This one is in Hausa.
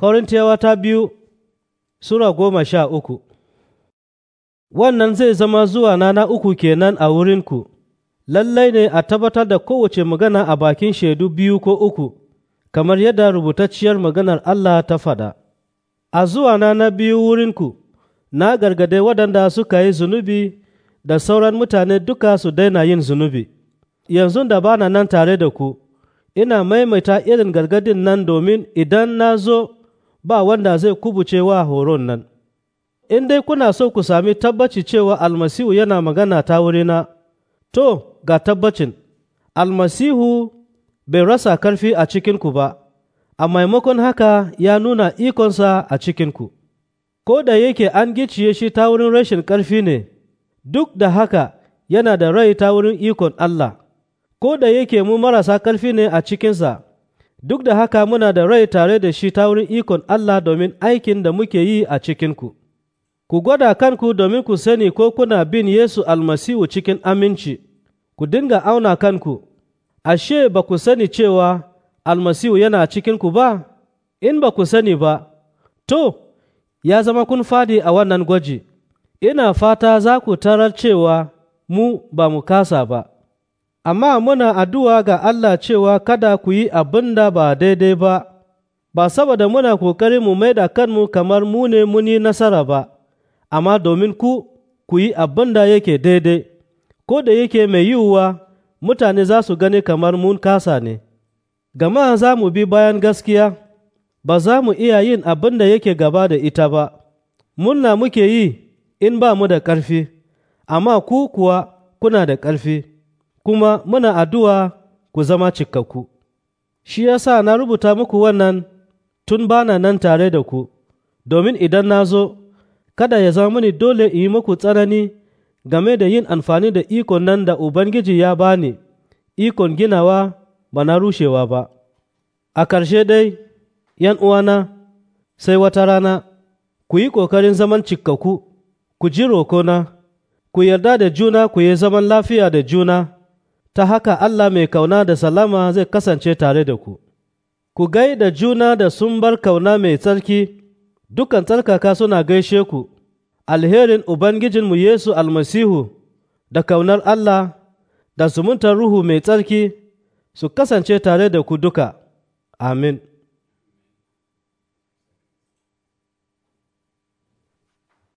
Korintiyawa ta biyu Sura goma sha uku Wannan zai zama zuwa na na uku kenan a wurinku, lallai ne a tabbatar da kowace magana a bakin shaidu biyu ko uku, kamar yadda rubutacciyar maganar Allah ta faɗa. A zuwa na na biyu wurinku, na gargade waɗanda suka yi zunubi da sauran mutane duka su daina yin zunubi. Yanzu da ba na nan tare da ku, ina maimaita irin gargadin nan domin idan na zo ba wanda zai kubuce wa horon nan in dai kuna so ku sami tabbaci cewa almasihu yana magana ta wurina to ga tabbacin almasihu bai rasa karfi a cikinku ba a maimakon haka ya nuna ikonsa a cikinku ko da yake an giciye shi ta wurin rashin karfi ne duk da haka yana da rai ta wurin ikon Allah ko da yake mu marasa karfi ne a cikinsa duk da haka muna da rai tare da shi ta wurin ikon Allah domin aikin da muke yi a cikinku. Ku gwada kanku domin ku sani ko kuna bin Yesu almasihu cikin aminci, ku dinga auna kanku, ashe ba ku sani cewa almasihu yana cikinku ba, in ba ku sani ba, to, ya zama kun fadi a wannan gwaji, ina fata za ku tarar cewa mu ba mu kasa ba. amma muna addu'a ga Allah cewa kada ku yi abin da ba daidai ba, ba saboda muna ƙoƙari mu mai da kanmu kamar mu ne muni nasara ba, amma domin ku, ku yi abin da yake daidai, ko da yake mai yiwuwa mutane za su gani kamar mun kasa ne, gama za mu bi bayan gaskiya, ba za mu iya yin abin da yake gaba da ita ba, mun munna muke yi in ba mu da ƙarfi, amma ku kuwa kuna da ƙarfi. kuma muna addu'a ku zama cikakku. Shi ya sa na rubuta muku wannan tun bana nan tare da ku, domin idan na zo, kada ya zama ni dole in yi muku tsanani game da yin amfani da ikon nan da Ubangiji ya bani, ikon ginawa ba na rushewa ba. A ƙarshe dai, ’yan uwana, sai wata rana, ku yi ƙoƙarin zaman cikakku, ku ji rokona, ku yarda da juna ku yi zaman lafiya da juna. ta haka Allah mai kauna da salama zai kasance tare da ku. Ku gai da juna da sun bar kauna mai tsarki, dukan tsarkaka suna gaishe ku, alherin Ubangijinmu Yesu almasihu da kaunar Allah da zumuntar Ruhu mai tsarki su kasance tare da ku duka. Amin.